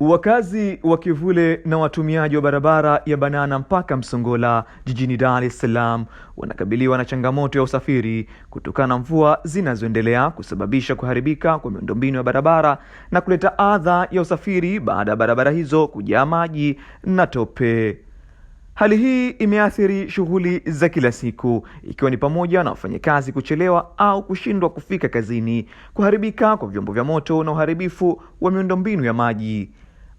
Wakazi wa Kivule na watumiaji wa barabara ya Banana mpaka Msongola jijini Dar es Salaam wanakabiliwa na changamoto ya usafiri kutokana na mvua zinazoendelea kusababisha kuharibika kwa miundombinu ya barabara na kuleta adha ya usafiri baada ya barabara hizo kujaa maji na tope. Hali hii imeathiri shughuli za kila siku ikiwa ni pamoja na wafanyakazi kuchelewa au kushindwa kufika kazini, kuharibika kwa vyombo vya moto na uharibifu wa miundombinu ya maji.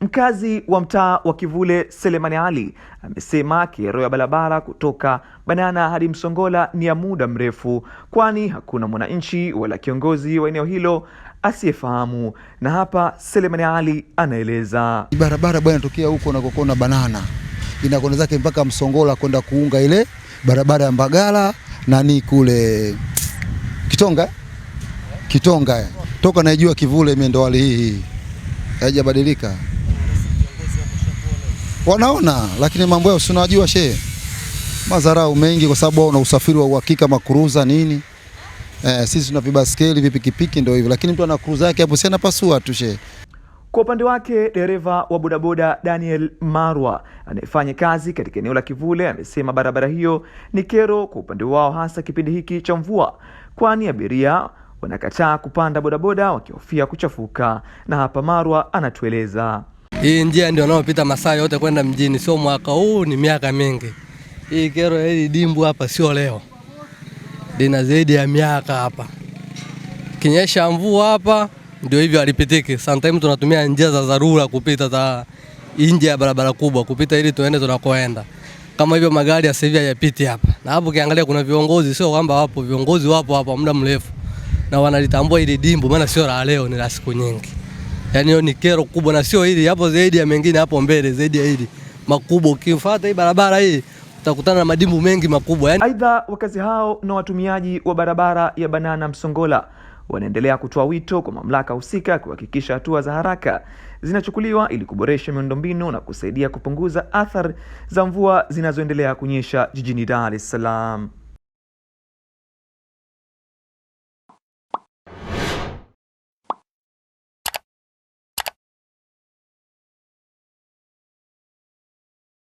Mkazi wa mtaa wa Kivule Selemani Ali amesema kero ya barabara kutoka Banana hadi Msongola ni ya muda mrefu, kwani hakuna mwananchi wala kiongozi wa eneo hilo asiyefahamu. Na hapa Selemani Ali anaeleza barabara bwana, tokea huko nakokona Banana inakona zake mpaka Msongola kwenda kuunga ile barabara ya Mbagala nani kule Kitonga, Kitonga toka naijua Kivule imendowali hii hii haijabadilika wanaona, lakini mambo yao si unajua shehe, madharau mengi, kwa sababu wao na usafiri wa uhakika, makuruza nini. Eh, sisi tuna vibaskeli vipikipiki, ndio hivyo, lakini mtu ana kuruza yake hapo, si anapasua tu shehe. Kwa upande wake dereva wa bodaboda Daniel Marwa anayefanya kazi katika eneo la Kivule amesema barabara hiyo ni kero kwa upande wao, hasa kipindi hiki cha mvua, kwani abiria wanakataa kupanda bodaboda wakihofia kuchafuka. Na hapa Marwa anatueleza. Hii njia ndio wanaopita masaa yote kwenda mjini, sio mwaka huu, ni miaka mingi hii. Kero ya hili dimbu hapa sio leo, lina zaidi ya miaka hapa. Kinyesha mvua hapa ndio hivyo, alipitiki. Sometimes tunatumia njia za dharura kupita za nje ya barabara kubwa kupita ili tuende tunakoenda. Kama hivyo magari ya sasa hivi hayapiti hapa. Na hapo ukiangalia kuna viongozi, sio kwamba wapo viongozi, wapo hapa muda mrefu na wanalitambua hili dimbu, maana sio la leo, ni la siku nyingi. Yaani hiyo ni kero kubwa, na sio hili hapo, zaidi ya mengine hapo mbele, zaidi ya hili makubwa. Ukifuata hii barabara hii utakutana na madimbu mengi makubwa yaani. Aidha, wakazi hao na watumiaji wa barabara ya Banana Msongola wanaendelea kutoa wito kwa mamlaka husika kuhakikisha hatua za haraka zinachukuliwa ili kuboresha miundombinu na kusaidia kupunguza athari za mvua zinazoendelea kunyesha jijini Dar es Salaam.